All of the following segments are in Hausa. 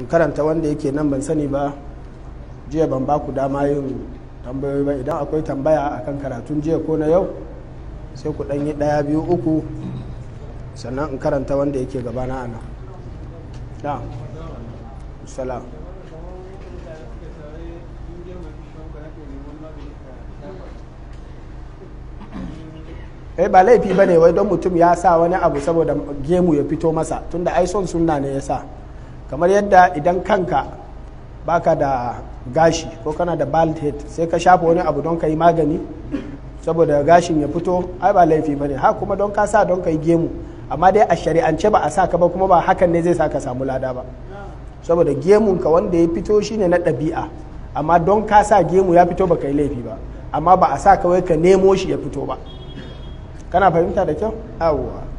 in karanta wanda yake nan ban sani ba jiya ban ba ku dama yin tambayoyi ba idan akwai tambaya akan karatun jiya ko na yau sai ku ɗanyi ɗaya biyu uku sannan in karanta wanda yake gabana ana na salam eh ba laifi ba ne wai don mutum ya sa wani abu saboda gemu ya fito masa tunda ai son sunna ne ya sa kamar yadda idan kanka baka da gashi ko kana da bald head sai ka shafa wani abu don ka yi magani saboda gashin ya fito ai ba laifi bane ha kuma don ka sa don ka yi gemu amma dai a shari'ance ba a sa ka ba kuma ba hakan ne zai sa ka samu lada ba saboda gemun ka wanda ya fito shine na ɗabi'a amma don ka sa gemu ya fito baka yi laifi ba amma ba a sa kawai ka nemo shi ya fito ba kana fahimta da kyau awwa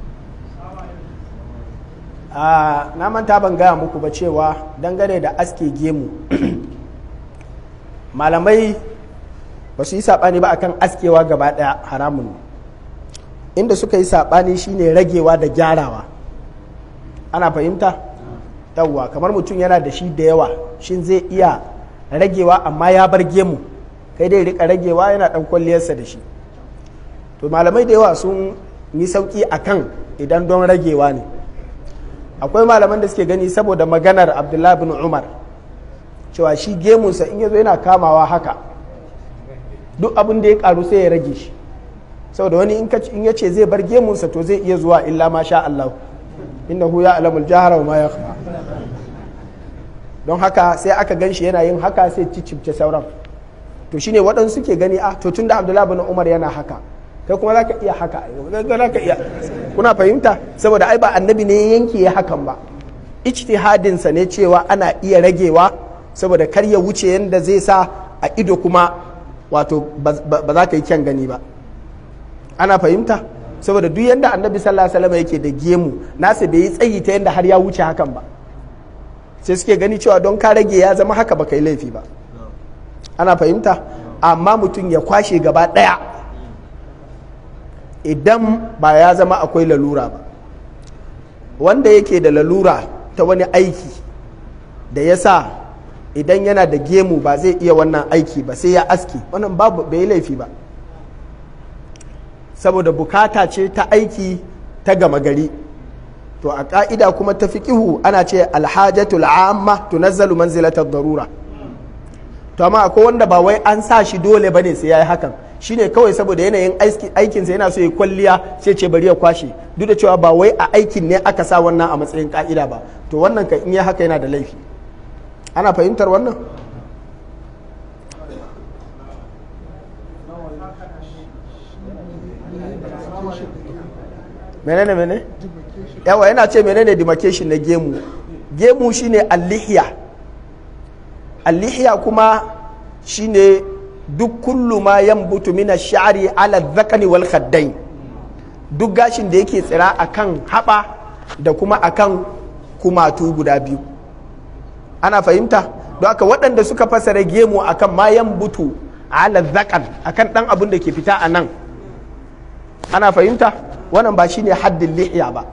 na manta ban gaya muku ba cewa dangane da aske gemu malamai ba su yi saɓani ba akan askewa gaba ɗaya haramun inda suka yi saɓani shine ragewa da gyarawa ana fahimta yawwa kamar mutum yana da shi da yawa shin zai iya ragewa amma ya bar gemu kai dai rika ragewa yana ɗan kwalliyarsa da shi to malamai da yawa sun yi sauƙi akan idan don ragewa ne akwai malaman da suke gani saboda maganar abdullahi bin umar cewa shi gemunsa in yazo yana kamawa haka duk abin da ya karu sai ya rage shi saboda wani in ya ce zai bar gemunsa to zai iya zuwa illa ma sha Allah hu ya alamul jahara wa ma don haka sai aka gan shi yana yin haka sai cicibce sauran to shine waɗansu suke gani a ah, to tunda abdullahi bin umar yana haka kai kuma zaka iya haka zaka iya kuna fahimta saboda ai ba annabi ne yanke ya hakan ba ijtihadinsa ne cewa ana iya ragewa saboda kar ya wuce yadda zai sa a ido kuma wato ba za ka yi kyan gani ba ana fahimta saboda duk yadda annabi sallallahu alaihi wasallam yake da gemu nasa bai yi tsayi ta yadda har ya wuce hakan ba sai suke gani cewa don ka rage ya zama haka ba yi laifi ba ana fahimta amma mutum ya kwashe gaba ɗaya idan ba ya zama akwai lalura ba wanda yake da lalura ta wani aiki da ya sa idan yana da gemu ba zai iya wannan aiki ba sai ya aski wannan babu bai laifi ba saboda bukata ce ta aiki ta gama gari to a ka'ida kuma ta ƙihu ana ce alhajatul amma tunazzalu manzilatar darura to amma akwai wanda ba wai an sa shi dole ba ne sai yayi hakan shine kawai saboda yanayin aikinsa yana so ya kwalliya sai ce bari ya kwashe duk da cewa ba wai a aikin ne aka sa wannan a matsayin ka'ida ba to wannan ka in ya haka yana da laifi ana fahimtar wannan menene menene yawa yana ce menene demarcation na gemu gemu shine allihiya allihiya kuma shine duk kullu ma butu mina sha'ari ala dhakani wal khaddai duk gashin da yake tsira akan haɓa da kuma akan kumatu guda biyu ana fahimta don aka waɗanda suka fasara gemu akan mayan butu ala zakan akan ɗan abin da ke fita a nan ana fahimta wannan ba shine haddin lihiya ba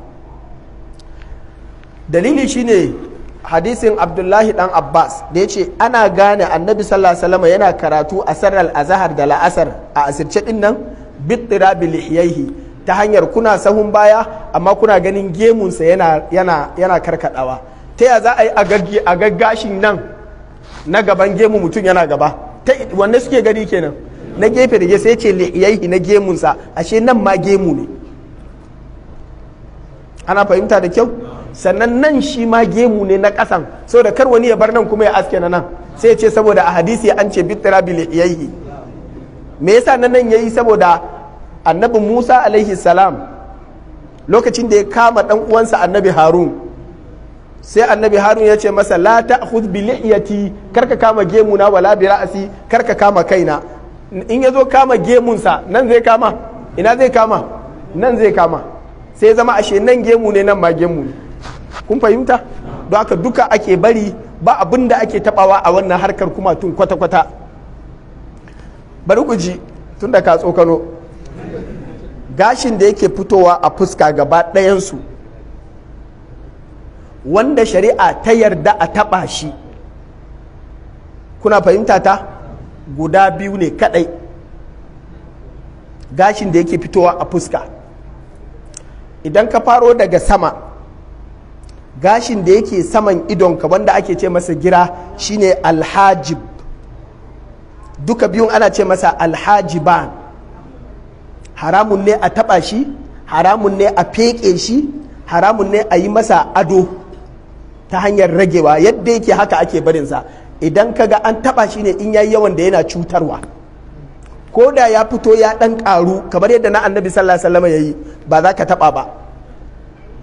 dalili shine hadisin abdullahi dan abbas da ya ce ana gane annabi sallallahu alaihi wasallam yana karatu a sarar azahar da la'asar a asirce din nan bittira bilihiyaihi ta hanyar kuna sahun baya amma kuna ganin gemunsa yana yana yana karkadawa ta ya za a yi a gaggashin nan na gaban gemu mutum yana gaba ta wanne suke gani kenan na gefe da gefe ce lihiyaihi na gemunsa ashe nan ma gemu ne ana fahimta da kyau sannan nan shi ma gemu ne na ƙasan so da kar wani ya bar nan kuma ya aske na nan sai ce saboda a hadisi an ce bitira bil yayi me yasa nan nan yayi saboda annabi Musa alaihi salam lokacin da ya kama dan uwansa annabi Harun sai annabi harun ya ce masa la ta'khudh bi lihiyati karka kama gemu na wala bi ra'si karka kama kaina in ya zo kama gemunsa nan zai kama ina zai kama nan zai kama sai zama ashe nan gemu ne nan ma gemu ne kun fahimta don haka duka ake bari ba abin da ake tabawa a wannan harkar kuma tun kwata-kwata bari ku ji tun da ka tsokano gashin da yake fitowa a fuska gaba ɗayansu wanda shari'a ta yarda a taɓa shi kuna fahimta ta guda biyu ne kaɗai gashin da yake fitowa a fuska idan ka faro daga sama gashin da yake saman idonka wanda ake ce masa gira shine alhajib duka biyun ana ce masa alhajiban haramun ne a taɓa shi haramun ne a feƙe shi haramun ne a yi masa ado ta hanyar ragewa yadda yake haka ake barinsa idan kaga an taɓa shi ne in yayi yawan da yana cutarwa ko da ya fito ya ɗan ƙaru kamar yadda na annabi sallallahu alaihi wasallam ya ba za ka taɓa ba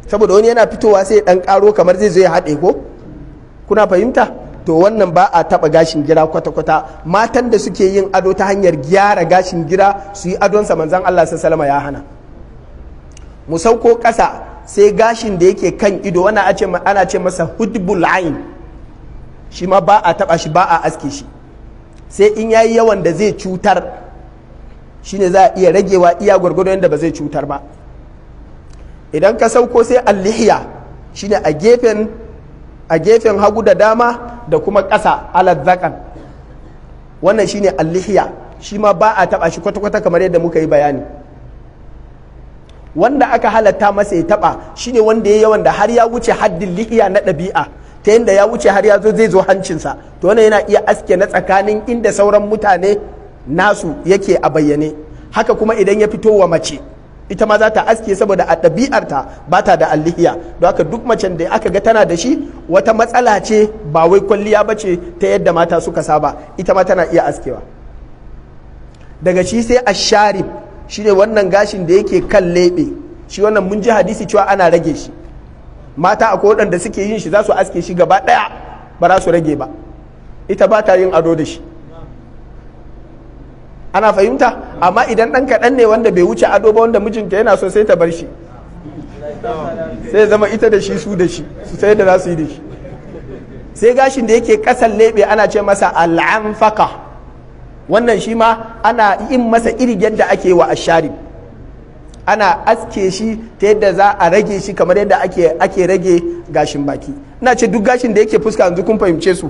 saboda wani yana fitowa sai dan karo kamar zai zo ya haɗe ko kuna fahimta to wannan ba a taɓa gashin gira kwata-kwata matan da suke yin ado ta hanyar gyara gashin gira su yi adonsa manzan Allah sallama ya hana mu sauko ƙasa sai gashin da yake kan ido ana ce masa hudbul ain shi ma ba a taɓa shi ba a aske shi sai in yayi yawan da zai cutar shine za a iya ragewa iya gwargwadon yadda ba zai cutar ba idan ka sauko sai allihiya shine a gefen a gefen hagu da dama da kuma ƙasa aladzakan wannan shine allihiya shi ma ba a taɓa shi kwata-kwata kamar yadda muka yi bayani wanda aka halatta masa ya taɓa shine wanda ya yawan da har ya wuce haddin lihiya na ɗabi'a ta yadda ya wuce har ya zo zai zo hancinsa to wannan yana iya aske na tsakanin inda sauran mutane nasu yake a bayyane haka kuma idan ya fito wa mace ita ma za ta aske saboda a ɗabi'arta ba ta da allihiya don haka duk macen da aka ga tana da shi wata matsala ce ba wai kwalliya ba ce ta yadda mata suka saba ita ma tana iya askewa daga shi sai a sharif shi ne wannan gashin da yake kan leɓe shi wannan mun ji hadisi cewa ana rage shi mata akwai waɗanda suke yin shi za su aske shi gaba ɗaya ba za su rage ba ita ba ta yin ado da shi ana fahimta amma idan ɗan kaɗan ne wanda bai wuce ado ba wanda mijinta yana so sai ta bar shi sai zama ita da shi su da shi su sai da za su yi da shi sai gashin da yake kasan leɓe ana ce masa al'amfaka wannan shi ma ana yin masa irin yadda ake wa ashari ana aske shi ta yadda za a rage shi kamar yadda ake rage gashin baki ina ce duk gashin da yake fuska yanzu kun fahimce su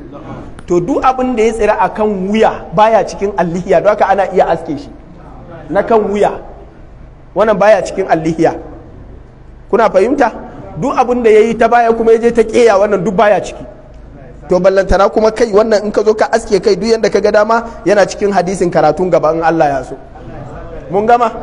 to duk abin da ya tsira a kan wuya baya cikin allihiya don haka ana iya aske shi na kan wuya wannan baya cikin allihiya kuna fahimta duk abin da ya yi ta baya kuma ya je ta keya wannan duk baya ciki to ballantana kuma kai wannan in ka zo ka aske kai duk yadda ka ga dama yana cikin hadisin karatun gaba in Allah ya so mun gama